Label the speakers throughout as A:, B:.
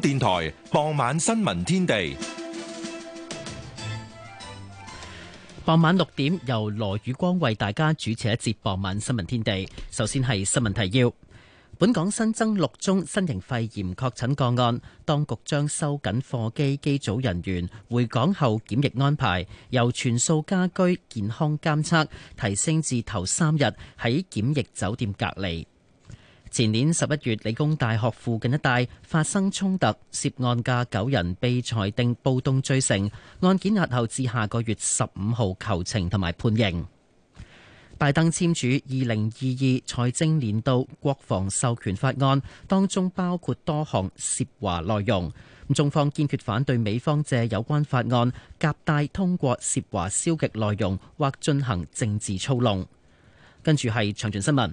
A: 電台傍晚新聞
B: 天地，傍晚六點由羅宇光為大家主持一節傍晚新聞天地。首先係新聞提要：本港新增六宗新型肺炎確診個案，當局將收緊貨機機組人員回港後檢疫安排，由全數家居健康監測提升至頭三日喺檢疫酒店隔離。前年十一月，理工大學附近一帶發生衝突，涉案嘅九人被裁定暴動罪成，案件押後至下個月十五號求情同埋判刑。拜登簽署二零二二財政年度國防授權法案，當中包括多項涉華內容。中方堅決反對美方借有關法案夾帶通過涉華消極內容或進行政治操弄。跟住係詳盡新聞。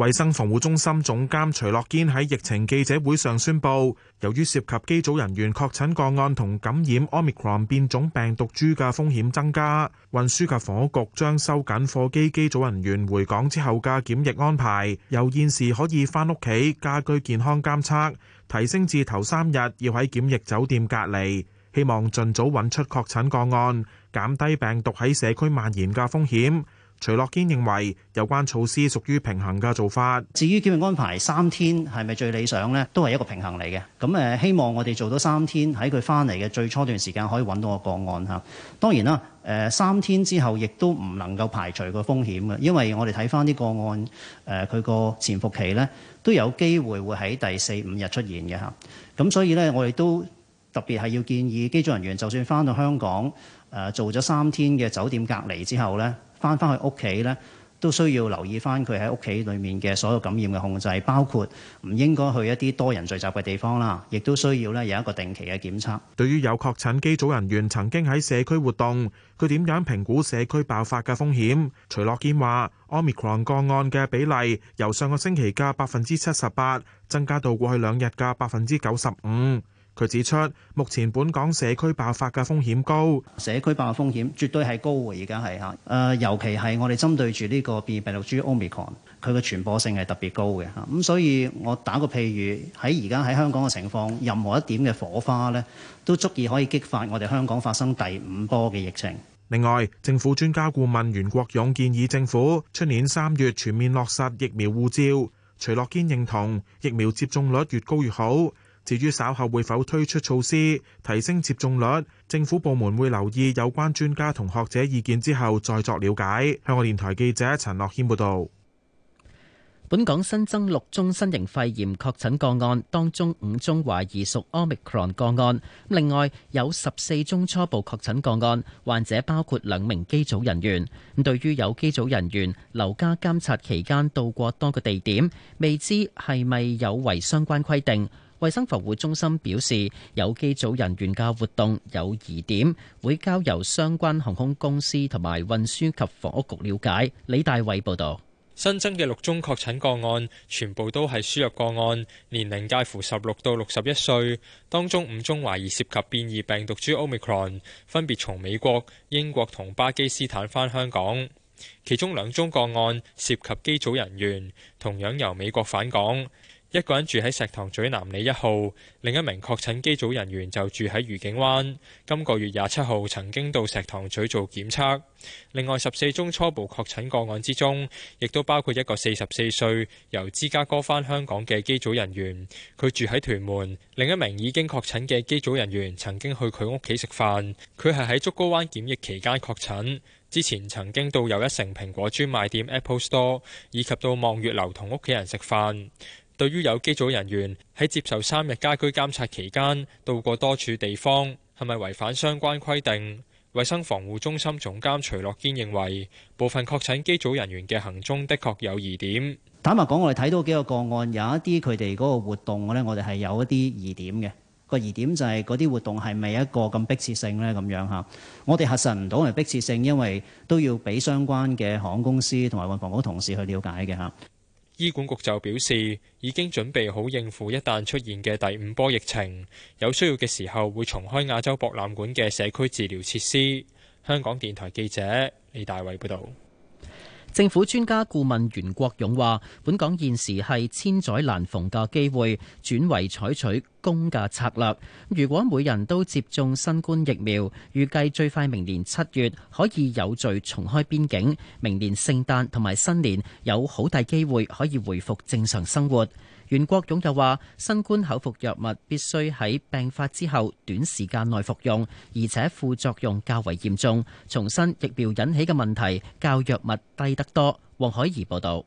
B: 衛生防護中心總監徐樂堅
C: 喺疫情記者會上宣佈，由於涉及機組人員確診個案同感染 Omicron 變種病毒株嘅風險增加，運輸及房屋局將收緊貨機機組人員回港之後嘅檢疫安排，由現時可以翻屋企家居健康監測，提升至頭三日要喺檢疫酒店隔離。希望盡早揾出確診個案，減低病毒喺社區蔓延嘅風險。徐
D: 樂堅認為有關措施屬於平衡嘅做法。至於叫佢安排三天係咪最理想咧？都係一個平衡嚟嘅。咁誒，希望我哋做到三天喺佢翻嚟嘅最初段時間可以揾到個個案吓。當然啦，誒三天之後亦都唔能夠排除個風險嘅，因為我哋睇翻啲個案誒，佢個潛伏期咧都有機會會喺第四五日出現嘅吓。咁所以咧，我哋都特別係要建議機組人員，就算翻到香港誒做咗三天嘅酒店隔離之後咧。翻翻去屋企咧，都需要留意翻佢喺屋企裡面嘅所有感染嘅控制，包括唔應該去一啲多人聚集嘅地方啦。亦都需要咧有一個定期嘅檢測。對於有確診
C: 機組人員曾經喺社區活動，佢點樣評估社區爆發嘅風險？徐樂堅話，Omicron 個案嘅比例由上個星期嘅百分之七十八增加到過去兩日嘅百分之九十五。佢指出，目前本港社區爆
D: 發嘅風險高，社區爆發風險絕對係高嘅，而家係吓誒，尤其係我哋針對住呢個變異病毒株 Omicron 佢嘅傳播性係特別高嘅吓，咁所以，我打個譬喻喺而家喺香港嘅情況，任何一點嘅火花咧，都足以可以激發我哋香港發生第五波嘅疫情。另外，政府專家顧問袁國勇建議
C: 政府出年三月全面落實疫苗護照。徐樂堅認同，疫苗接種率越高越好。至於稍後會否推出措施提升接種率，政府部門會留意有關專家同學者意見之後再作了解。香港電台
B: 記者陳樂謙報道。本港新增六宗新型肺炎確診個案，當中五宗懷疑屬 Omicron 個案，另外有十四宗初步確診個案。患者包括兩名機組人員。咁對於有機組人員留家監察期間到過多個地點，未知係咪有違相關規定。衛生防護中心表示，有機組人員嘅活動有疑點，會交由相關航空公司同埋運輸及房屋局了解。李大衛報道。
A: 新增嘅六宗確診個案全部都係輸入個案，年齡介乎十六到六十一歲，當中五宗懷疑涉及變異病毒株 Omicron，分別從美國、英國同巴基斯坦返香港，其中兩宗個案涉及機組人員，同樣由美國返港。一個人住喺石塘咀南里一號，另一名確診機組人員就住喺愉景灣。今個月廿七號曾經到石塘咀做檢測。另外十四宗初步確診個案之中，亦都包括一個四十四歲由芝加哥返香港嘅機組人員，佢住喺屯門。另一名已經確診嘅機組人員曾經去佢屋企食飯，佢係喺竹篙灣檢疫期間確診，之前曾經到又一城蘋果專賣店 （Apple Store） 以及到望月樓同屋企人食飯。對於有機組人員喺接受三日家居監察期間到過多處地方，係咪違反相關規定？衛生防護中心總監徐樂堅認為，部分確診機組人員嘅行蹤的確有疑點。
D: 坦白講，我哋睇到幾個個案，有一啲佢哋嗰個活動嘅，我哋係有一啲疑點嘅。個疑點就係嗰啲活動係咪一個咁迫切性呢？咁樣嚇，我哋核實唔到係迫切性，因為都要俾相關嘅航空公司同埋運房局同事去了解嘅嚇。
A: 醫管局就表示，已經準備好應付一旦出現嘅第五波疫情，有需要嘅時候會重開亞洲博覽館嘅社區治療設施。香港電台記者李大偉報導。
B: 政府專家顧問袁國勇話，本港現時係千載難逢嘅機會，轉為採取攻嘅策略。如果每人都接種新冠疫苗，預計最快明年七月可以有序重開邊境，明年聖誕同埋新年有好大機會可以回復正常生活。袁國勇又話：新冠口服藥物必須喺病發之後短時間內服用，而且副作用較為嚴重。重新疫苗引起嘅問題，較藥物低得多。黃海怡報導。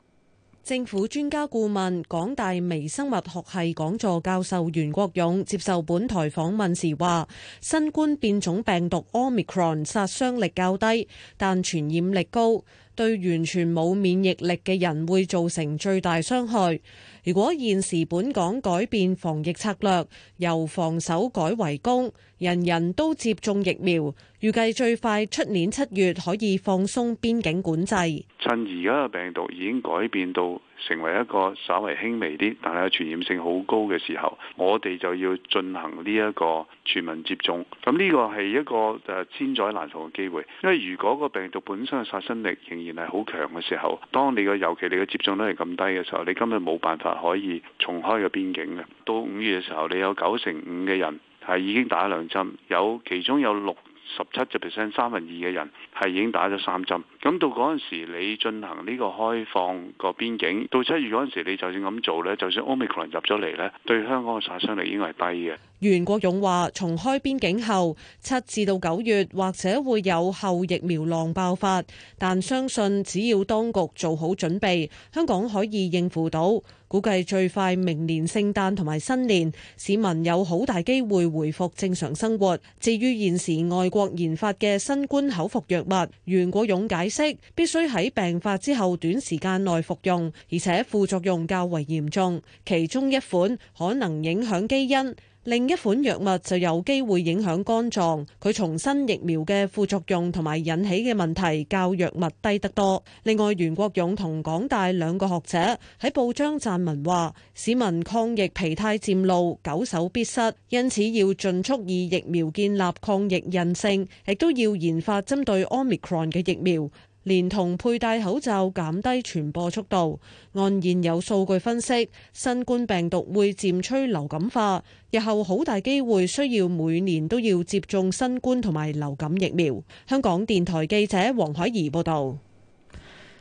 E: 政府專家顧問、港大微生物學系講座教授袁國勇接受本台訪問時話：新冠變種病毒 Omicron 殺傷力較低，但傳染力高。對完全冇免疫力嘅人會造成最大傷害。如果現時本港改變防疫策略，由防守改為攻，人人都接種疫苗，預計最快出年七月可以放鬆邊境管制。
F: 趁而家嘅病毒已經改變到，成為一個稍微輕微啲，但係傳染性好高嘅時候，我哋就要進行呢一個全民接種。咁呢個係一個誒千載難逢嘅機會，因為如果個病毒本身嘅殺傷力仍然係好強嘅時候，當你嘅尤其你嘅接種率係咁低嘅時候，你根本冇辦法可以重開個邊境嘅。到五月嘅時候，你有九成五嘅人係已經打兩針，有其中有六。十七隻 percent 三分二嘅人係已經打咗三針，咁到嗰陣時你進行呢個開放個邊境，到七月嗰陣時你就算咁做呢，就算 Omicron 入咗嚟呢，對香港嘅殺傷力應該係低嘅。
E: 袁國勇話，重開邊境後，七至到九月或者會有後疫苗浪爆發，但相信只要當局做好準備，香港可以應付到。估計最快明年聖誕同埋新年，市民有好大機會回復正常生活。至於現時外國研發嘅新冠口服藥物，袁國勇解釋必須喺病發之後短時間內服用，而且副作用較為嚴重，其中一款可能影響基因。另一款藥物就有機會影響肝臟，佢重新疫苗嘅副作用同埋引起嘅問題較藥物低得多。另外，袁國勇同港大兩個學者喺報章撰文話：市民抗疫疲態漸露，久守必失，因此要盡速以疫苗建立抗疫韌性，亦都要研發針對 Omicron 嘅疫苗。連同佩戴口罩減低傳播速度。按現有數據分析，新冠病毒會漸趨流感化，日後好大機會需要每年都要接種新冠同埋流感疫苗。香港電台記者黃海怡報導。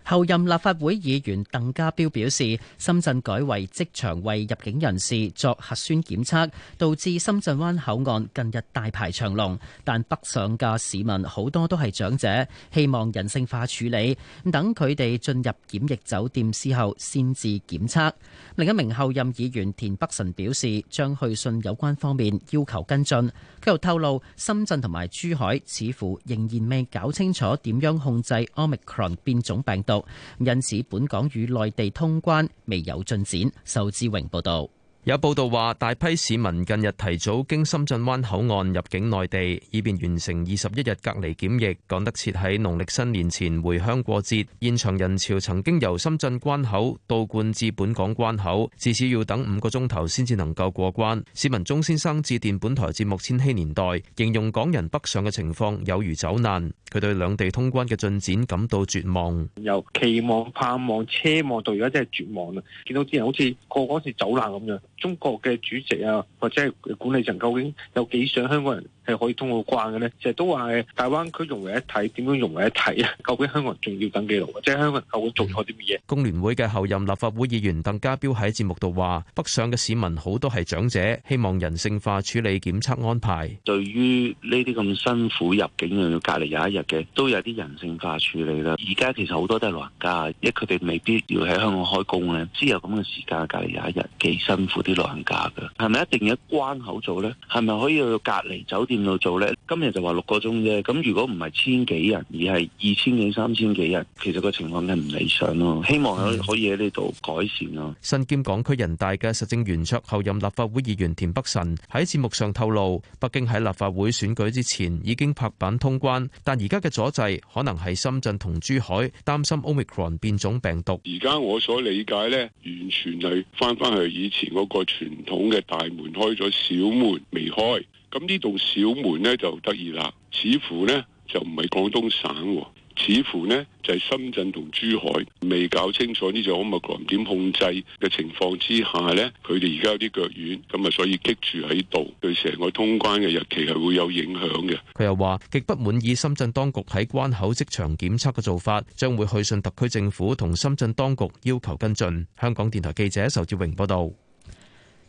B: 候任立法會議員鄧家彪表示，深圳改為即場為入境人士作核酸檢測，導致深圳灣口岸近日大排長龍。但北上嘅市民好多都係長者，希望人性化處理，等佢哋進入檢疫酒店之後先至檢測。另一名候任議員田北辰表示，將去信有關方面要求跟進，佢又透露，深圳同埋珠海似乎仍然未搞清楚點樣控制 omicron 變種病毒。因此，本港與內地通關未有進展。仇志榮報道。有報道話，大批市民近日提早經深圳灣口岸入境內地，以便
G: 完成二十一日隔離檢疫，趕得切喺農曆新年前回鄉過節。現場人潮曾經由深圳關口倒灌至本港關口，至少要等五個鐘頭先至能夠過關。市民鍾先生致電本台節目《千禧年代》，形容港人北上嘅情況有如走難。佢對兩地通關嘅進展感到絕望，
H: 由期望、盼望、奢望到而家真係絕望啦！見到之前好似個個好似走難咁樣。
A: 中國嘅主席啊，或者係管理層，究竟有幾想香港人？係可以通過關嘅咧，就都話大灣區融為一體，點樣融為一體啊？究竟香港人仲要等幾耐？即係香港
G: 人究竟做錯啲乜嘢？工聯會嘅候任立法會議員鄧家彪喺節目度話：北上嘅市民好多係長者，希望人性化處理檢測安排。
H: 對於呢啲咁辛苦入境又要隔離廿一日嘅，都有啲人性化處理啦。而家其實好多都係老人家，因為佢哋未必要喺香港開工咧，只有咁嘅時間隔離廿一日，幾辛苦啲老人家㗎。係咪一定要關口做咧？係咪可以去隔離酒店？邊度做咧？今日就話六個鐘啫。咁如果唔係千幾人，而係二千幾、三千幾人，其實個情況係唔理想咯。希望可以喺呢度改善咯。
G: 身兼港區人大嘅實政圓桌候任立法會議員田北辰喺節目上透露，北京喺立法會選舉之前已經拍板通關，但而家嘅阻滯可能係深圳同珠海擔心 omicron 變種病毒。而
I: 家我所理解咧，完全係翻翻去以前嗰個傳統嘅大門開咗小門未開。咁呢度小門呢，就得意啦，似乎呢，就唔係廣東省，似乎呢，就係深圳同珠海，未搞清楚呢啲咁物點控制嘅情況之下呢，佢哋而家有啲腳軟，咁啊所以激住喺度，對成個通關嘅日期係會有影響嘅。
G: 佢又話極不滿意深圳當局喺關口即場檢測嘅做法，將會去信特區政
B: 府同深圳當局要求跟進。香港電台記者仇志榮報道。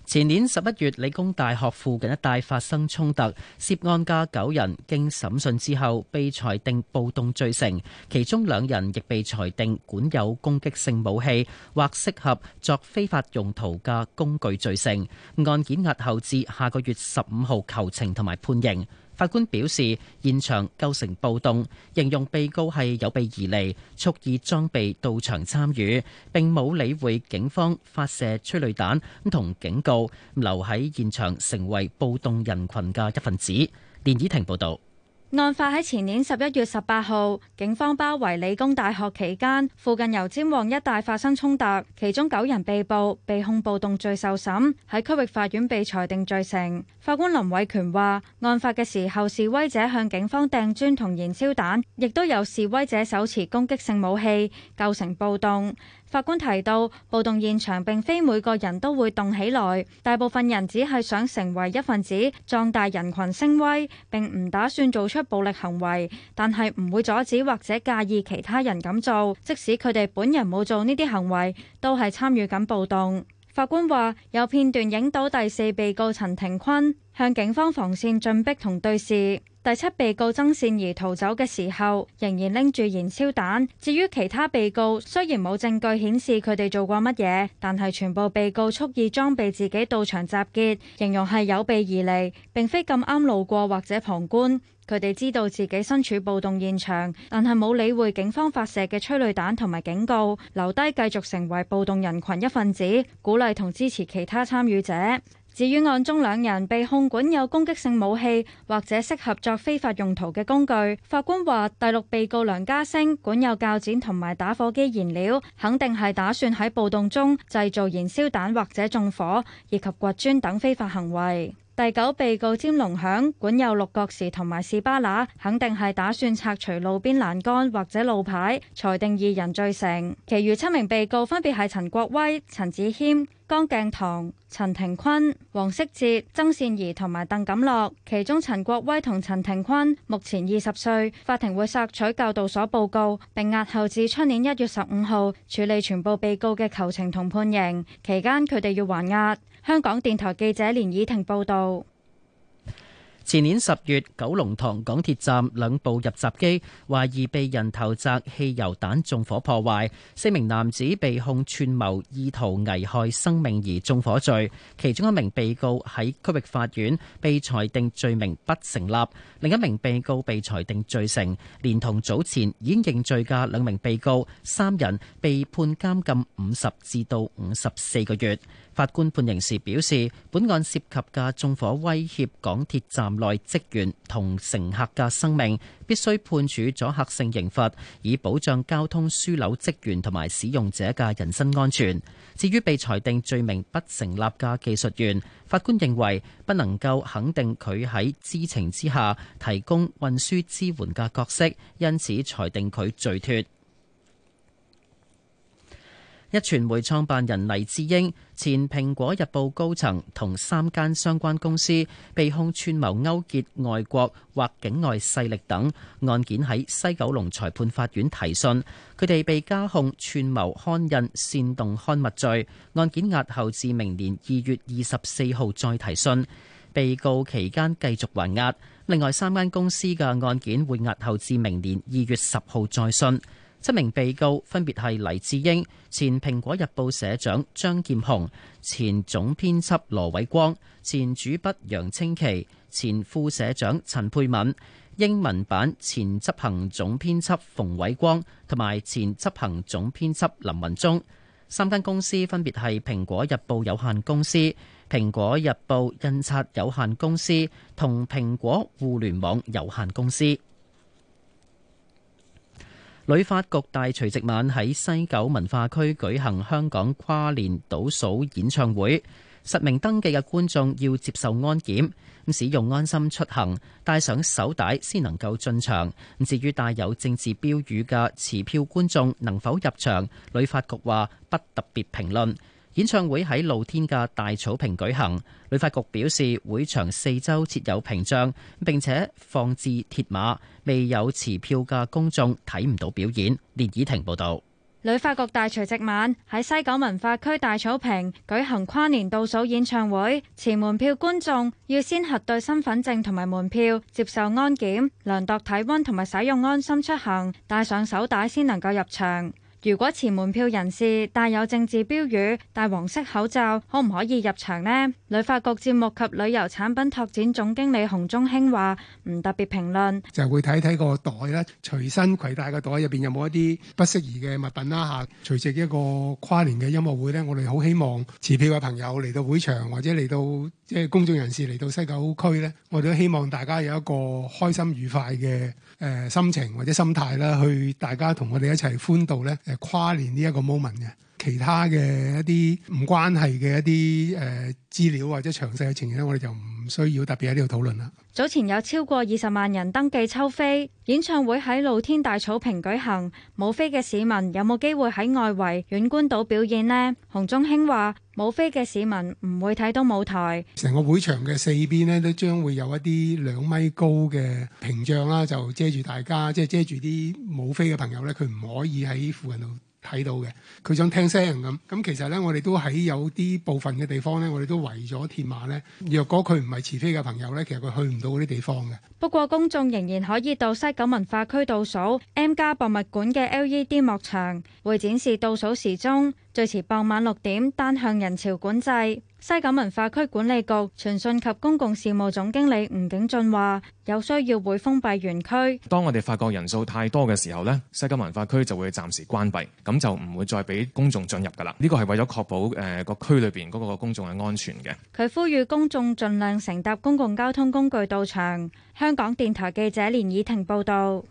B: 前年十一月，理工大學附近一帶發生衝突，涉案嘅九人，經審訊之後被裁定暴動罪成，其中兩人亦被裁定管有攻擊性武器或適合作非法用途嘅工具罪成。案件押後至下個月十五號求情同埋判刑。法官表示，現場構成暴動，形容被告係有備而嚟，蓄意裝備到場參與，並冇理會警方發射催淚彈同警告，留喺現場成為暴動人群嘅一份子。連綺婷報道。
J: 案發喺前年十一月十八號，警方包圍理工大學期間，附近油尖旺一帶發生衝突，其中九人被捕，被控暴動罪受審，喺區域法院被裁定罪成。法官林偉權話，案發嘅時候，示威者向警方掟磚同燃燒彈，亦都有示威者手持攻擊性武器，構成暴動。法官提到，暴動現場並非每個人都會動起來，大部分人只係想成為一分子，壯大人群聲威，並唔打算做出暴力行為，但係唔會阻止或者介意其他人咁做，即使佢哋本人冇做呢啲行為，都係參與緊暴動。法官話：有片段影到第四被告陳庭坤向警方防線進逼同對峙，第七被告曾善儀逃走嘅時候，仍然拎住燃燒彈。至於其他被告，雖然冇證據顯示佢哋做過乜嘢，但係全部被告蓄意裝備自己到場集結，形容係有備而嚟，並非咁啱路過或者旁觀。佢哋知道自己身處暴動現場，但係冇理會警方發射嘅催淚彈同埋警告，留低繼續成為暴動人群一份子，鼓勵同支持其他參與者。至於案中兩人被控管有攻擊性武器或者適合作非法用途嘅工具，法官話：第六被告梁家星管有鉸剪同埋打火機燃料，肯定係打算喺暴動中製造燃燒彈或者縱火，以及掘磚等非法行為。第九被告詹龍響，管有六角匙同埋士巴拿，肯定係打算拆除路邊欄杆或者路牌，裁定二人罪成。其餘七名被告分別係陳國威、陳子謙、江鏡堂、陳庭坤、黃色哲、曾善儀同埋鄧錦樂，其中陳國威同陳庭坤目前二十歲，法庭會索取教導所報告，並押後至出年一月十五號處理全部被告嘅求情同判刑，期間佢哋要還押。香港電台記者連倚婷報道。
B: 前年十月，九龍塘港鐵站兩部入閘機懷疑被人投擲汽油彈縱火破壞，四名男子被控串謀意圖危害生命而縱火罪，其中一名被告喺區域法院被裁定罪名不成立，另一名被告被裁定罪成，連同早前已經認罪嘅兩名被告，三人被判監禁五十至到五十四個月。法官判刑時表示，本案涉及嘅縱火威脅港鐵站。內職員同乘客嘅生命必須判處阻嚇性刑罰，以保障交通樞紐職員同埋使用者嘅人身安全。至於被裁定罪名不成立嘅技術員，法官認為不能夠肯定佢喺知情之下提供運輸支援嘅角色，因此裁定佢罪脱。一傳媒創辦人黎智英、前蘋果日報高層同三間相關公司被控串謀勾結外國或境外勢力等案件，喺西九龍裁判法院提訊，佢哋被加控串謀刊印、煽動刊物罪。案件押後至明年二月二十四號再提訊。被告期間繼續還押。另外三間公司嘅案件會押後至明年二月十號再訊。七名被告分別係黎智英、前《蘋果日報》社長張劍虹、前總編輯羅偉光、前主筆楊清奇、前副社長陳沛敏、英文版前執行總編輯馮偉光同埋前執行總編輯林文宗。三間公司分別係《蘋果日報》有限公司、《蘋果日報》印刷有限公司同《蘋果互聯網有限公司》。旅發局大除夕晚喺西九文化區舉行香港跨年倒數演唱會，實名登記嘅觀眾要接受安檢，使用安心出行，帶上手帶先能夠進場。至於帶有政治標語嘅持票觀眾能否入場，旅發局話不特別評論。演唱會喺露天嘅大草坪舉行，旅發局表示會場四周設有屏障，並且放置鐵馬，未有持票嘅公眾睇唔到表演。連以婷報道。
J: 旅發局大除夕晚喺西九文化區大草坪舉行跨年倒數演唱會，持門票觀眾要先核對身份證同埋門票，接受安檢、量度體溫同埋使用安心出行，帶上手帶先能夠入場。如果持門票人士帶有政治標語、戴黃色口罩，可唔可以入場呢？旅發局節目及旅遊產品拓展總經理洪中興話：唔特別評論，
I: 就會睇睇個袋啦，隨身攜帶個袋入邊有冇一啲不適宜嘅物品啦、啊、嚇。隨住一個跨年嘅音樂會呢，我哋好希望持票嘅朋友嚟到會場或者嚟到。即係公眾人士嚟到西九區咧，我哋都希望大家有一個開心愉快嘅誒、呃、心情或者心態啦，去大家同我哋一齊歡度咧誒、呃、跨年呢一個 moment 嘅。其他嘅一啲唔關係嘅一啲誒、呃、資料或者詳細嘅情形咧，我哋就唔需要特別喺呢度討論啦。
J: 早前有超過二十萬人登記抽飛演唱會，喺露天大草坪舉行，冇飛嘅市民有冇機會喺外圍遠觀到表演呢？洪宗興話，冇飛嘅市民唔會睇到舞台。
I: 成個會場嘅四邊呢，都將會有一啲兩米高嘅屏障啦，就遮住大家，即係遮住啲冇飛嘅朋友咧，佢唔可以喺附近度。睇到嘅，佢想聽聲咁。咁其實呢，我哋都喺有啲部分嘅地方呢，我哋都圍咗鐵馬呢，若果佢唔係持飛嘅朋友呢，其實佢去唔到嗰啲地方嘅。
J: 不過公眾仍然可以到西九文化區倒數 M+ 博物館嘅 LED 幕牆，會展示倒數時鐘，最遲傍晚六點單向人潮管制。西九文化區管理局傳訊及公共事務總經理吳景俊話：有需要會封閉園區。
C: 當我哋發覺人數太多嘅時候呢，西九文化區就會暫時關閉，咁就唔會再俾公眾進入㗎喇。呢個係為咗確保誒個、呃、區裏邊嗰個公眾嘅安全嘅。
J: 佢呼籲公眾盡量乘搭公共交通工具到場。香港電台記者連以婷報導。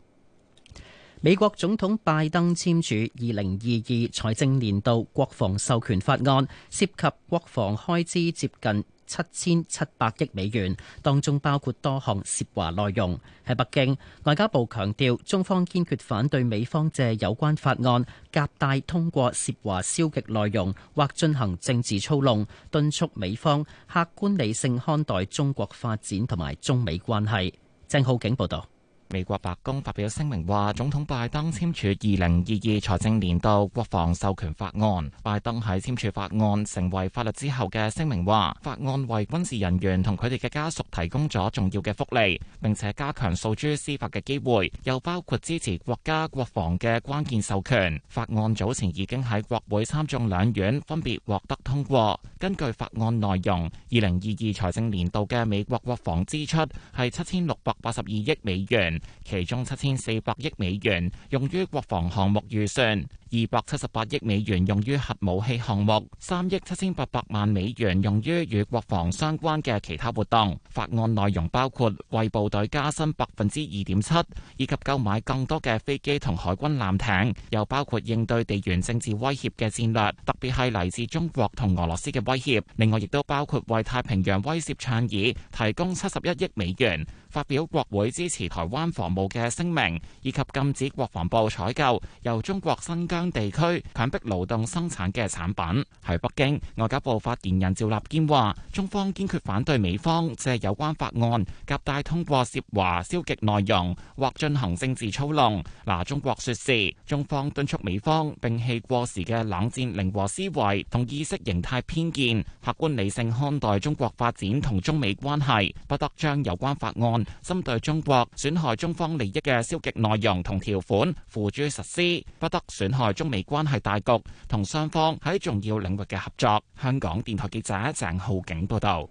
B: 美國總統拜登簽署二零二二財政年度國防授權法案，涉及國防開支接近七千七百億美元，當中包括多項涉華內容。喺北京，外交部強調，中方堅決反對美方借有關法案夾帶通過涉華消極內容或進行政治操弄，敦促美方客觀理性看待中國發展同埋中美關係。鄭浩景報道。美國白宮發表聲明話，總統拜登簽署二零二二財政年度國
K: 防授權法案。拜登喺簽署法案成為法律之後嘅聲明話，法案為軍事人員同佢哋嘅家屬提供咗重要嘅福利，並且加強訴諸司法嘅機會，又包括支持國家國防嘅關鍵授權。法案早前已經喺國會參眾兩院分別獲得通過。根據法案內容，二零二二財政年度嘅美國國防支出係七千六百八十二億美元。其中七千四百億美元用於國防項目預算，二百七十八億美元用於核武器項目，三億七千八百萬美元用於與國防相關嘅其他活動。法案內容包括為部隊加薪百分之二點七，以及購買更多嘅飛機同海軍艦艇，又包括應對地緣政治威脅嘅戰略，特別係嚟自中國同俄羅斯嘅威脅。另外，亦都包括為太平洋威懾倡議提供七十一億美元。發表國會支持台灣防務嘅聲明，以及禁止國防部採購由中國新疆地區強迫勞動生產嘅產品。喺北京，外交部發言人趙立堅話：中方堅決反對美方借有關法案夾帶通過涉華消極內容或進行政治操弄。嗱，中國說事，中方敦促美方摒棄過時嘅冷戰零和思維同意識形態偏見，客觀理性看待中國發展同中美關係，不得將有關法案。針對中國損害中方利益嘅消極內容同條款付諸實施，不得損害中美關係大局，同雙方喺重要領域嘅合作。香港電台記者鄭浩景報
B: 道，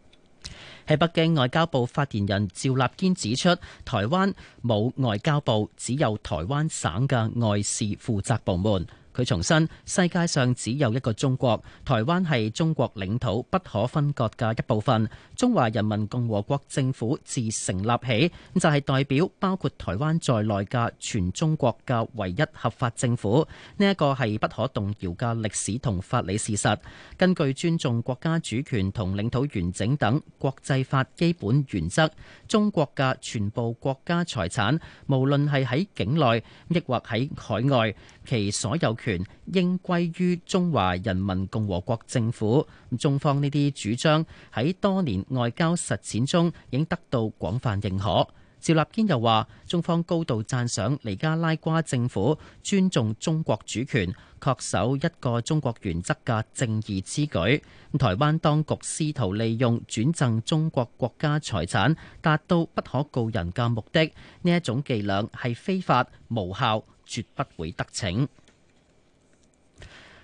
B: 喺北京外交部發言人趙立堅指出，台灣冇外交部，只有台灣省嘅外事負責部門。佢重申，世界上只有一個中國，台灣係中國領土不可分割嘅一部分。中華人民共和國政府自成立起就係、是、代表包括台灣在內嘅全中國嘅唯一合法政府。呢、這、一個係不可動搖嘅歷史同法理事實，根據尊重國家主權同領土完整等國際法基本原則，中國嘅全部國家財產，無論係喺境內亦或喺海外。其所有權應歸於中華人民共和國政府。中方呢啲主張喺多年外交實踐中，已經得到廣泛認可。趙立堅又話，中方高度讚賞尼加拉瓜政府尊重中國主權、確守一個中國原則嘅正義之舉。台灣當局試圖利用轉贈中國國家財產，達到不可告人嘅目的，呢一種伎倆係非法無效。絕不會得逞。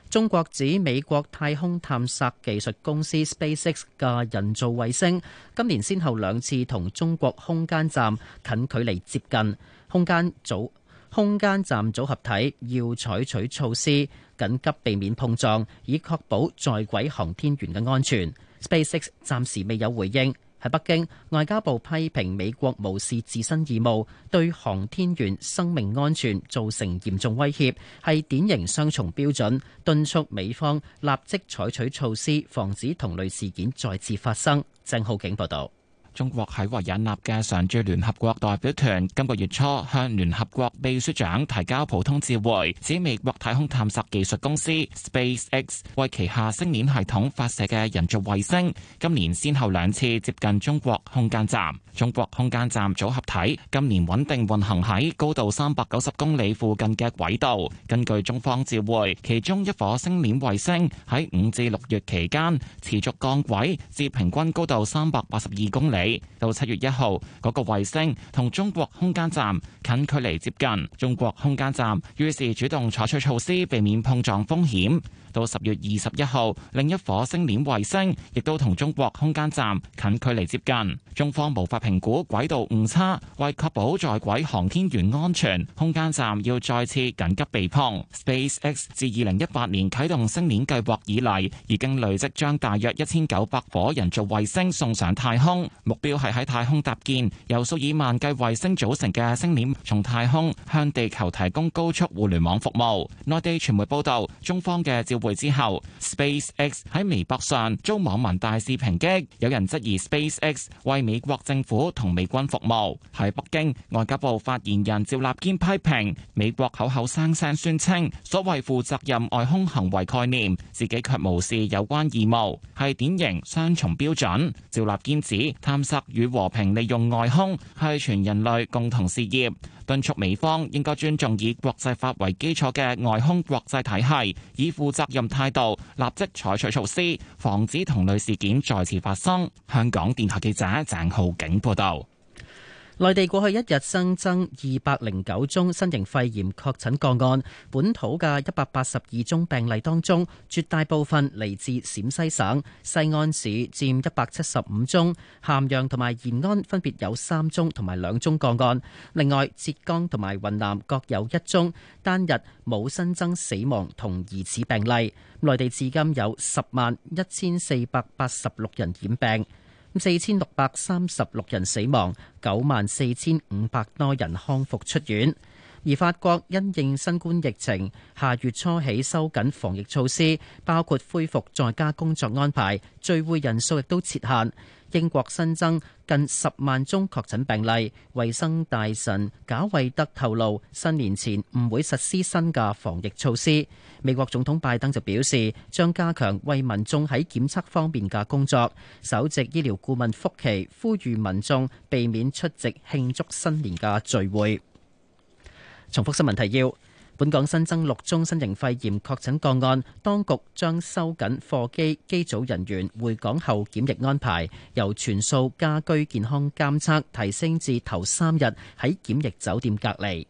B: 中國指美國太空探索技術公司 SpaceX 嘅人造衛星今年先後兩次同中國空間站近距離接近，空間組空間站組合體要採取措施，緊急避免碰撞，以確保在軌航天員嘅安全。SpaceX 暫時未有回應。喺北京，外交部批評美國無視自身義務，對航天員生命安全造成嚴重威脅，係典型雙重標準，敦促美方立即採取措施，防止同類事件再次發生。鄭浩景報道。中國喺維也納嘅常駐聯合國代表團今個月
K: 初向聯合國秘書長提交普通照會，指美國太空探索技術公司 SpaceX 為旗下星鏈系統發射嘅人造衛星，今年先後兩次接近中國空間站。中國空間站組合體今年穩定運行喺高度三百九十公里附近嘅軌道。根據中方照會，其中一顆星鏈衛星喺五至六月期間持續降軌至平均高度三百八十二公里。到七月一號，嗰個衛星同中國空間站近距離接近，中國空間站於是主動採取措施，避免碰撞風險。到十月二十一號，另一顆星鏈衛星亦都同中國空間站近距離接近。中方無法評估軌道誤差，為確保在軌航天員安全，空間站要再次緊急避碰。SpaceX 自二零一八年啟動星鏈計劃以嚟，已經累積將大約一千九百顆人造衛星送上太空。目標係喺太空搭建由數以萬計衛星組成嘅星鏈，從太空向地球提供高速互聯網服務。內地傳媒報道，中方嘅召喚。之後，SpaceX 喺微博上遭網民大肆抨擊，有人質疑 SpaceX 為美國政府同美軍服務。喺北京，外交部發言人趙立堅批評美國口口聲聲宣稱所謂負責任外空行為概念，自己卻無視有關義務，係典型雙重標準。趙立堅指，探索與和平利用外空係全人類共同事業，敦促美方應該尊重以國際法為基礎嘅外空國際體系，以負責任態度，立即採取措施，防止同類事件再次發生。
B: 香港電台記者鄭浩景報道。內地過去一日新增二百零九宗新型肺炎確診個案，本土嘅一百八十二宗病例當中，絕大部分嚟自陝西省，西安市佔一百七十五宗，咸陽同埋延安分別有三宗同埋兩宗個案。另外，浙江同埋雲南各有一宗，單日冇新增死亡同疑似病例。內地至今有十萬一千四百八十六人染病。四千六百三十六人死亡，九萬四千五百多人康復出院。而法國因應新冠疫情，下月初起收緊防疫措施，包括恢復在家工作安排、聚會人數亦都設限。英國新增近十萬宗確診病例，衛生大臣賈維德透露，新年前唔會實施新嘅防疫措施。美國總統拜登就表示，將加強為民眾喺檢測方面嘅工作。首席醫療顧問福奇呼籲民眾避免出席慶祝新年嘅聚會。重複新聞提要：本港新增六宗新型肺炎確診個案，當局將收緊貨機機組人員回港後檢疫安排，由全數家居健康監測提升至頭三日喺檢疫酒店隔離。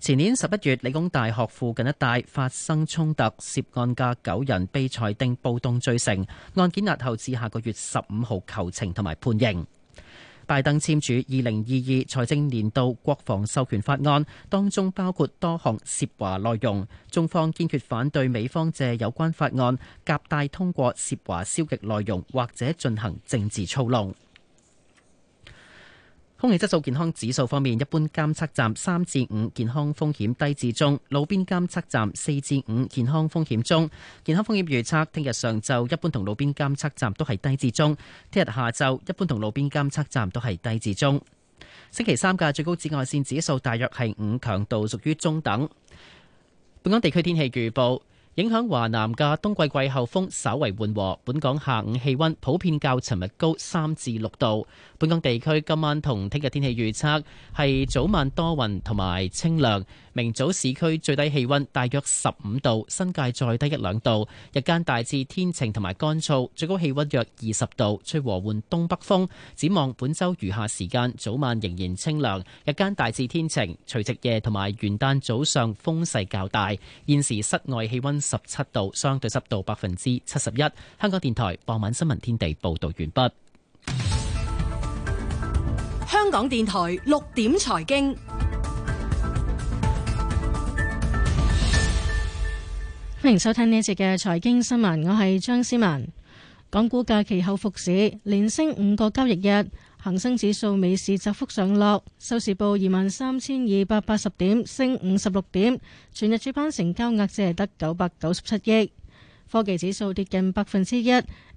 B: 前年十一月，理工大學附近一帶發生衝突，涉案嘅九人被裁定暴動罪成，案件押後至下個月十五號求情同埋判刑。拜登簽署二零二二財政年度國防授權法案，當中包括多項涉華內容。中方堅決反對美方借有關法案夾帶通過涉華消極內容，或者進行政治操弄。空氣質素健康指數方面，一般監測站三至五，健康風險低至中；路邊監測站四至五，健康風險中。健康風險預測，聽日上晝一般同路邊監測站都係低至中；聽日下晝一般同路邊監測站都係低至中。星期三嘅最高紫外線指數大約係五，強度屬於中等。本港地區天氣預報，影響華南嘅冬季季候風稍為緩和，本港下午氣温普遍較尋日高三至六度。本港地區今晚同聽日天氣預測係早晚多雲同埋清涼，明早市區最低氣温大約十五度，新界再低一兩度。日間大致天晴同埋乾燥，最高氣温約二十度，吹和緩東北風。展望本週餘下時間，早晚仍然清涼，日間大致天晴。除夕夜同埋元旦早上風勢較大。現時室外氣温十七度，相對濕度百分之七十一。香港電台傍晚新聞天地報導完畢。
E: 香港電台六點財經，
L: 歡迎收聽呢一節嘅財經新聞，我係張思文。港股假期後復市，連升五個交易日，恒生指數、美市窄幅上落，收市報二萬三千二百八十點，升五十六點。全日主板成交額只係得九百九十七億。科技指數跌近百分之一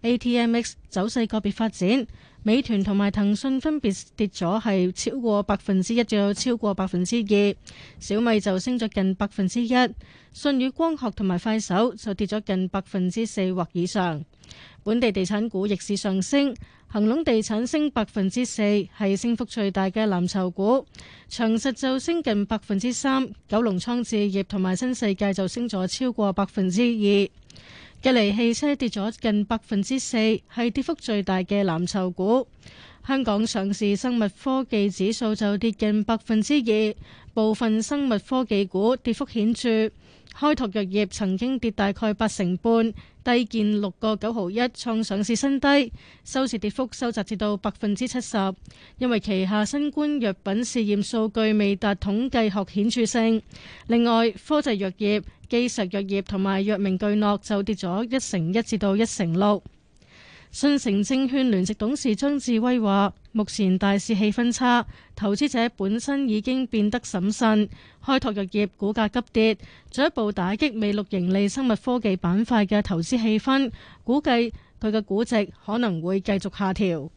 L: ，ATMX 走勢個別發展。美團同埋騰訊分別跌咗係超過百分之一，仲有超過百分之二，小米就升咗近百分之一，舜宇光學同埋快手就跌咗近百分之四或以上。本地地產股逆市上升，恒隆地產升百分之四，係升幅最大嘅藍籌股，長實就升近百分之三，九龍倉置業同埋新世界就升咗超過百分之二。吉利汽車跌咗近百分之四，係跌幅最大嘅藍籌股。香港上市生物科技指數就跌近百分之二，部分生物科技股跌幅顯著。開拓藥業曾經跌大概八成半，低見六個九毫一，創上市新低，收市跌幅收窄至到百分之七十，因為旗下新冠藥品試驗數據未達統計學顯著性。另外，科濟藥業、基石藥業同埋藥明巨諾就跌咗一成一至到一成六。信誠證券聯席董事張志威話，目前大市氣氛差，投資者本身已經變得審慎，開拓藥業，股價急跌，進一步打擊未錄盈利生物科技板塊嘅投資氣氛，估計佢嘅估值可能會繼續下調。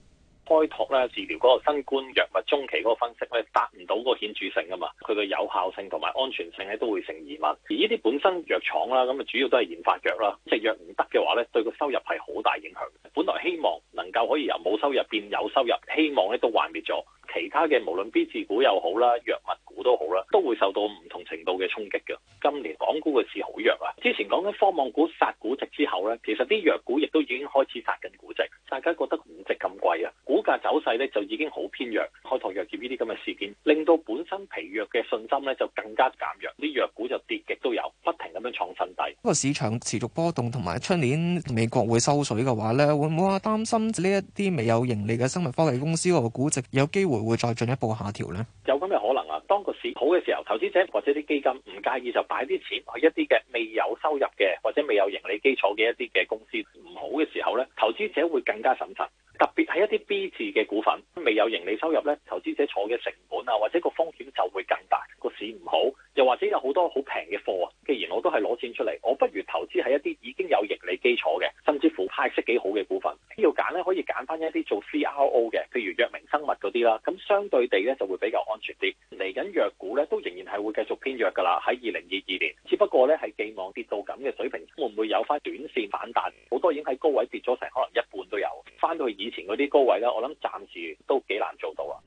H: 開拓咧治療嗰個新冠藥物中期嗰個分析咧，達唔到個顯著性啊嘛，佢嘅有效性同埋安全性咧都會成疑問。而呢啲本身藥廠啦，咁啊主要都係研發藥啦，即係藥唔得嘅話咧，對個收入係好大影響。本來希望能夠可以由冇收入變有收入，希望咧都幻滅咗。其他嘅無論 B 字股又好啦，藥物股都好啦，都會受到唔同程度嘅衝擊嘅。今年港股嘅市好弱啊！之前講緊科網股殺估值之後咧，其實啲藥股亦都已經開始殺緊估值。大家覺得估值咁貴啊，股價走勢咧就已經好偏弱。開拓藥業呢啲咁嘅事件，令到本身疲弱嘅信心咧就更加減弱，啲藥股就跌極都有，不停咁樣創新低。嗰個
M: 市場持續波動，同埋出年美國會收水嘅話咧，會唔會話擔心呢一啲未有盈利嘅生物科技公司個估值有機會？會唔會再進一步下調呢？
H: 有咁嘅可能啊！當個市好嘅時候，投資者或者啲基金唔介意就擺啲錢去一啲嘅未有收入嘅或者未有盈利基礎嘅一啲嘅公司，唔好嘅時候呢，投資者會更加審慎。特別係一啲 B 字嘅股份，未有盈利收入呢，投資者坐嘅成本啊，或者個風險就會更大。個市唔好，又或者有好多好平嘅貨。既然我都係攞錢出嚟，我不如投資喺一啲已經有盈利基礎嘅，甚至乎派息幾好嘅股份。呢要揀呢，可以揀翻一啲做 CRO 嘅，譬如藥明生物嗰啲啦。咁相對地呢，就會比較安全啲。嚟緊藥股呢，都仍然係會繼續偏弱㗎啦。喺二零二二年，只不過呢係寄望跌到咁嘅水平，會唔會有翻短線反彈？好多已經喺高位跌咗成可能一半都有，翻到去以前嗰啲高位啦，我諗暫時都幾難做到
L: 啊！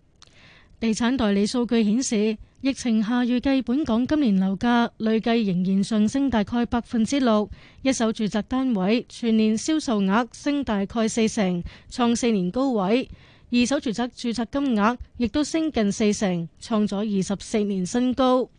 L: 地產代理數據顯示，疫情下預計本港今年樓價累計仍然上升大概百分之六。一手住宅單位全年銷售額升大概四成，創四年高位；二手住宅註冊金額亦都升近四成，創咗二十四年新高。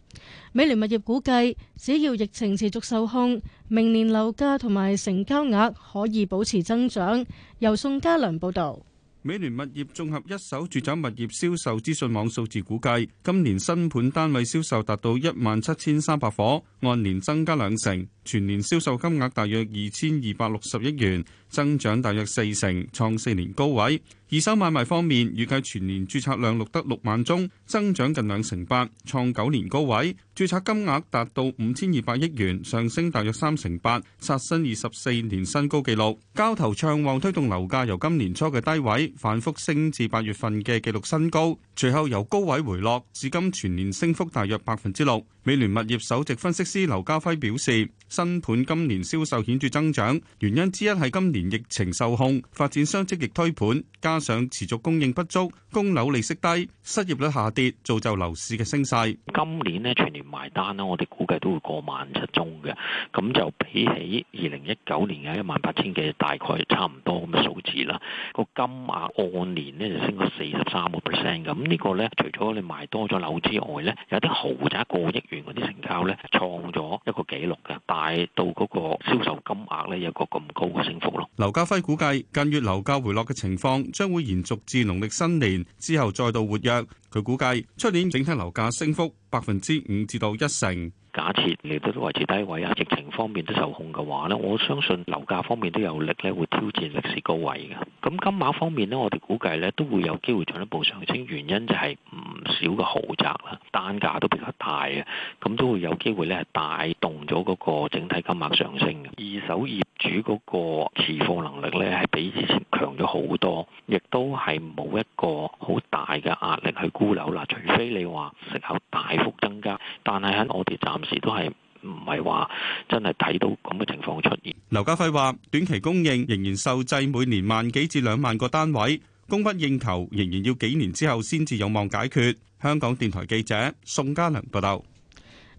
L: 美聯物業估計，只要疫情持續受控，明年樓價同埋成交額可以保持增長。由宋嘉良報道，
F: 美聯物業綜合一手住宅物業銷售資訊網數字估計，今年新盤單位銷售達到一萬七千三百伙，按年增加兩成。全年銷售金額大約二千二百六十億元，增長大約四成，創四年高位。二手買賣方面，預計全年註冊量錄得六萬宗，增長近兩成八，創九年高位。註冊金額達到五千二百億元，上升大約三成八，刷新二十四年新高紀錄。交投暢旺推動樓價由今年初嘅低位，反覆升至八月份嘅紀錄新高，隨後由高位回落，至今全年升幅大約百分之六。美聯物業首席分析師劉家輝表示。新盤今年銷售顯著增長，原因之一係今年疫情受控，發展商積極推盤，加上持續供應不足，供樓利息低，失業率下跌，造就樓市嘅升勢。今年呢全年埋單呢，我哋估計都會過萬七宗嘅，咁就比
H: 起二零一九年嘅一萬八千幾，大概差唔多咁嘅數字啦。個金額按年呢就升咗四十三個 percent，咁呢個呢除咗你賣多咗樓之外呢，有啲豪宅過億元嗰啲成交呢創咗一個紀錄嘅大。買到嗰個銷售金額呢，有個咁高嘅升幅咯。
F: 劉家輝估計，近月樓價回落嘅情況將會延續至農曆新年之後，再度活躍。佢估計出年整體樓價升幅百分之五至到一成。假設你都都維持低位啊，疫情方面都受
H: 控嘅話呢，我相信樓價方面都有力咧，會挑戰歷史高位嘅。咁金額方面呢，我哋估計呢都會有機會進一步上升，原因就係唔少嘅豪宅啦，單價都比較大呀，咁都會有機會咧，帶動咗嗰個整體金額上升嘅。二手業主嗰個持貨能力呢，係比以前強咗好多，亦都係冇一個好大嘅壓力去沽樓啦。除非你話息口大幅增加，但係喺我哋有時都係唔係話真係睇到咁
F: 嘅情況出現。劉家輝話：短期供應仍然受制，每年萬幾至兩萬個單位，供不應求，仍然要幾年之後先至有望解決。香港電台記者宋嘉良報道。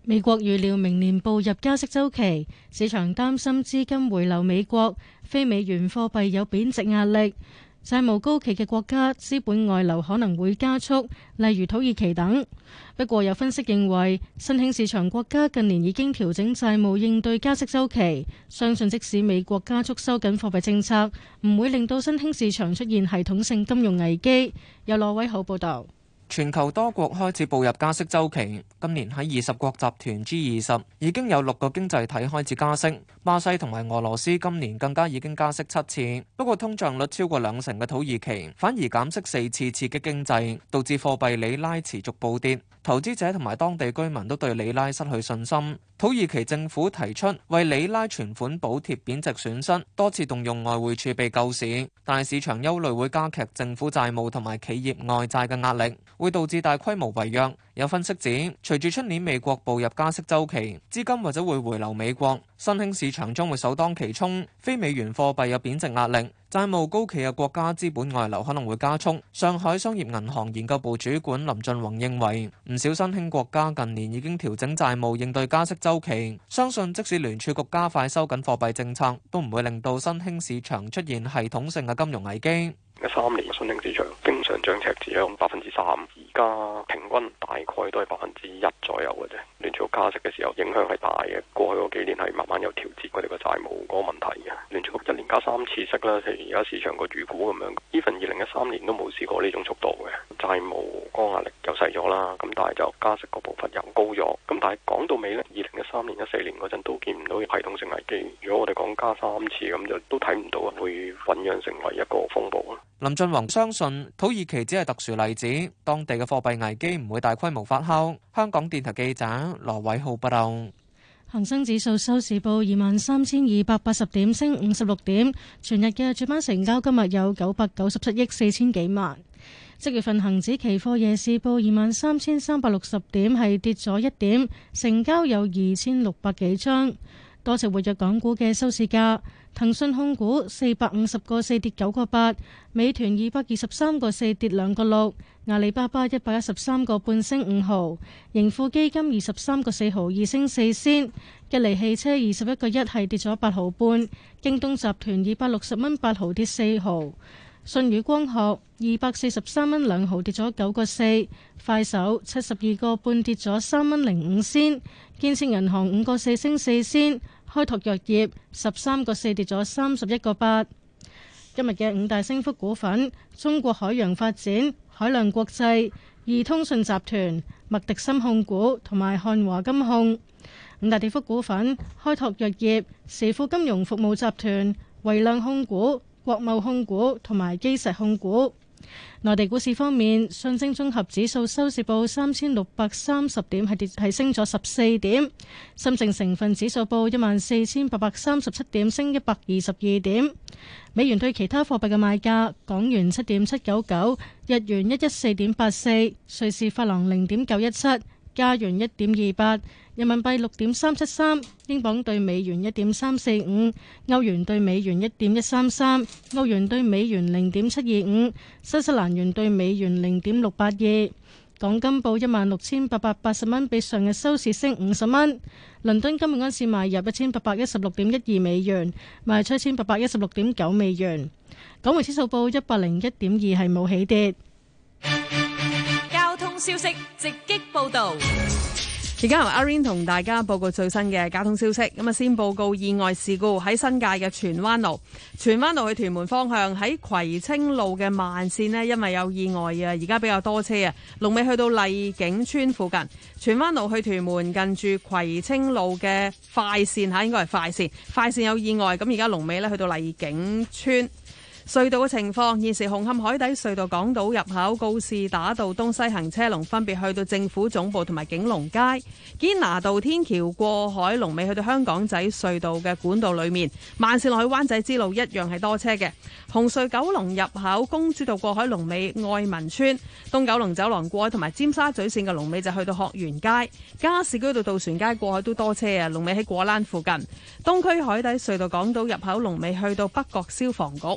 L: 美國預料明年步入加息週期，市場擔心資金回流美國，非美元貨幣有貶值壓力。債務高企嘅國家，資本外流可能會加速，例如土耳其等。不過，有分析認為，新興市場國家近年已經調整債務，應對加息周期。相信即使美國加速收緊貨幣政策，唔會令到新興市場出現系統性金融危機。有羅偉浩報道。
M: 全球多國開始步入加息周期，今年喺二十國集團 G 二十已經有六個經濟體開始加息。巴西同埋俄羅斯今年更加已經加息七次，不過通脹率超過兩成嘅土耳其反而減息四次，刺激經濟，導致貨幣里拉持續暴跌，投資者同埋當地居民都對里拉失去信心。土耳其政府提出為里拉存款補貼貶值損失，多次動用外匯儲備救市，但市場憂慮會加劇政府債務同埋企業外債嘅壓力，會導致大規模違約。有分析指，隨住出年美國步入加息周期，資金或者會回流美國，新興市場將會首當其衝，非美元貨幣有貶值壓力，債務高企嘅國家資本外流可能會加速。上海商業銀行研究部主管林俊宏認為，唔少新興國家近年已經調整債務應對加息周。周期，相信即使聯儲局加快收緊貨幣政策，都唔會令到新興市場出現系統性嘅金融危機。
A: 一三年嘅新興市場。兩張赤字啊！咁百分之三，而家平均大概都係百分之一左右嘅啫。聯儲加息嘅時候影響係大嘅。過去嗰幾年係慢慢有調節佢哋嘅債務嗰個問題嘅。聯儲局一連加三次息啦，即係而家市場個預估咁樣。even 二零一三年都冇試過呢種速度嘅債務嗰個壓力又細咗啦。咁但係就加息個部分又高咗。咁但係講到尾呢，二零一三年、一四年嗰陣都見唔到系統性危機。如果我哋講加三次咁就都睇唔到會醖釀成為一個風暴。
M: 林俊宏相信土耳其呢期只係特殊例子，當地嘅貨幣危機唔會大規模發酵。香港電台記者羅偉浩報導，
L: 恒生指數收市報二萬三千二百八十點，升五十六點。全日嘅主板成交今日有九百九十七億四千幾萬。即月份恒指期貨夜市報二萬三千三百六十點，係跌咗一點，成交有二千六百幾張，多隻活躍港股嘅收市價。騰訊控股四百五十個四跌九個八，美團二百二十三個四跌兩個六，阿里巴巴一百一十三個半升五毫，盈富基金二十三個四毫二升四仙，吉利汽車二十一個一係跌咗八毫半，京東集團二百六十蚊八毫跌四毫，舜宇光學二百四十三蚊兩毫2跌咗九個四，快手七十二個半跌咗三蚊零五仙，建設銀行五個四升四仙。開拓藥業十三個四跌咗三十一個八。今日嘅五大升幅股份：中國海洋發展、海亮國際、易通訊集團、麥迪森控股同埋漢華金控。五大跌幅股份：開拓藥業、時富金融服務集團、維量控股、國貿控股同埋基石控股。內地股市方面，上證綜合指數收市報三千六百三十點，係跌係升咗十四點。深證成分指數報一萬四千八百三十七點，升一百二十二點。美元對其他貨幣嘅賣價：港元七點七九九，日元一一四點八四，瑞士法郎零點九一七，加元一點二八。人民幣六點三七三，英鎊兌美元一點三四五，歐元兌美元一點一三三，歐元兌美元零點七二五，新西蘭元兌美元零點六八二。港金報一萬六千八百八十蚊，比上日收市升五十蚊。倫敦金每盎司買入一千八百一十六點一二美元，賣出一千八百一十六點九美元。港匯指數報一百零一
N: 點二，係冇起跌。交通消息直擊報道。而家由阿 rain 同大家報告最新嘅交通消息。咁啊，先報告意外事故喺新界嘅荃灣路，荃灣路去屯門方向喺葵青路嘅慢線呢，因為有意外啊，而家比較多車啊，龍尾去到荔景村附近。荃灣路去屯門近住葵青路嘅快線吓，應該係快線，快線有意外，咁而家龍尾呢，去到荔景村。隧道嘅情況，現時紅磡海底隧道港島入口告士打道東西行車龍分別去到政府總部同埋景隆街、堅拿道天橋過海龍尾去到香港仔隧道嘅管道裏面，慢線落去灣仔之路一樣係多車嘅。紅隧九龍入口公主道過海龍尾，愛民村，東九龍走廊過海同埋尖沙咀線嘅龍尾就去到學園街、加士居道、渡船街過海都多車啊，龍尾喺果欄附近。東區海底隧道港島入口龍尾去到北角消防局。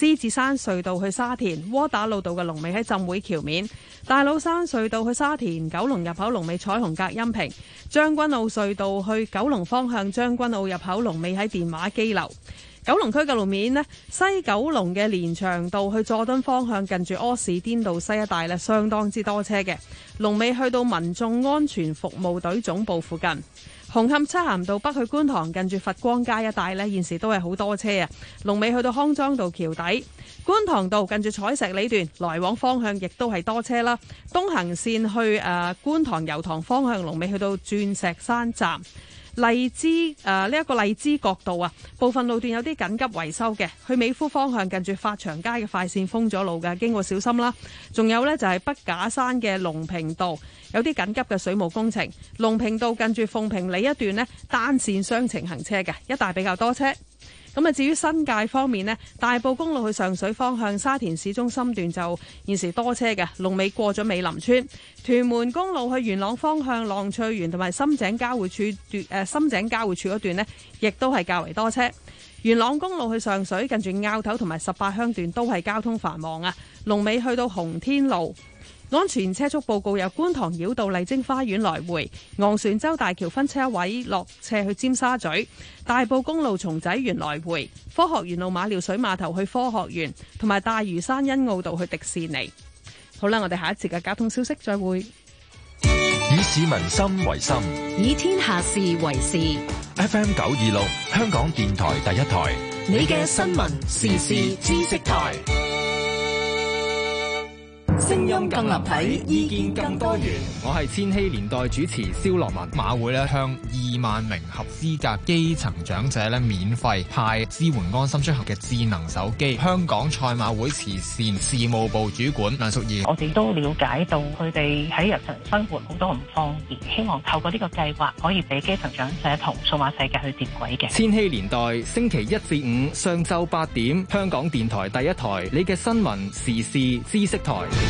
N: 獅子山隧道去沙田窩打老道嘅龍尾喺浸會橋面，大老山隧道去沙田九龍入口龍尾彩虹隔音屏，將軍澳隧道去九龍方向將軍澳入口龍尾喺電話機樓。九龍區嘅路面呢，西九龍嘅連翔道去佐敦方向近住柯士甸道西一帶呢，相當之多車嘅龍尾去到民眾安全服務隊總部附近。紅磡漆咸道北去觀塘，近住佛光街一帶呢，現時都係好多車啊！龍尾去到康莊道橋底，觀塘道近住彩石里段來往方向亦都係多車啦。東行線去誒、呃、觀塘油塘方向，龍尾去到鑽石山站。荔枝誒，呢、呃、一、這個荔枝角道啊，部分路段有啲緊急維修嘅，去美孚方向近住發祥街嘅快線封咗路嘅，經過小心啦。仲有呢，就係筆架山嘅龍坪道，有啲緊急嘅水務工程。龍坪道近住鳳坪里一段呢，單線雙程行車嘅，一帶比較多車。咁啊，至於新界方面咧，大埔公路去上水方向沙田市中心段就現時多車嘅，龍尾過咗美林村；屯門公路去元朗方向浪翠園同埋深井交匯處段，誒深井交匯處段咧，亦都係較為多車。元朗公路去上水，近住坳頭同埋十八鄉段都係交通繁忙啊，龍尾去到洪天路。安全車速報告：由觀塘繞道麗晶花園來回，昂船洲大橋分車位落斜去尖沙咀，大埔公路松仔園來回，科學園路馬料水碼頭去科學園，同埋大嶼山欣澳道去迪士尼。好啦，我哋下一次嘅交通消息再會。
H: 以市民心為心，
N: 以天下事為事。
H: FM 九二六，香港電台第一台。你嘅新聞時事知識台。
K: 聲音更立體，意見更多元。
A: 我係千禧年代主持蕭樂文。馬會咧向二萬名合資格基層長者咧免費派支援安心出行嘅智能手機。香港賽馬會慈善事務部主管梁淑儀，我
D: 哋都了解到佢哋喺日常生活好多唔方便，希望透過呢個計劃可以俾基層長者同數碼世界去接軌嘅。
A: 千禧年代星期一至五上晝八點，香港電台第一台，你嘅新聞時事知識台。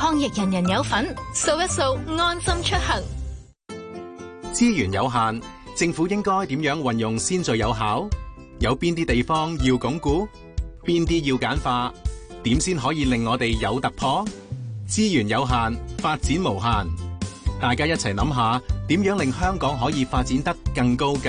J: 抗疫人人有份，掃一掃安心出行。
H: 資源有限，政府應該點樣運用先最有效？有邊啲地方要鞏固？邊啲要簡化？點先可以令我哋有突破？資源有限，發
L: 展無限，大家一齊諗下，點樣令香港可以發展得更高嘅？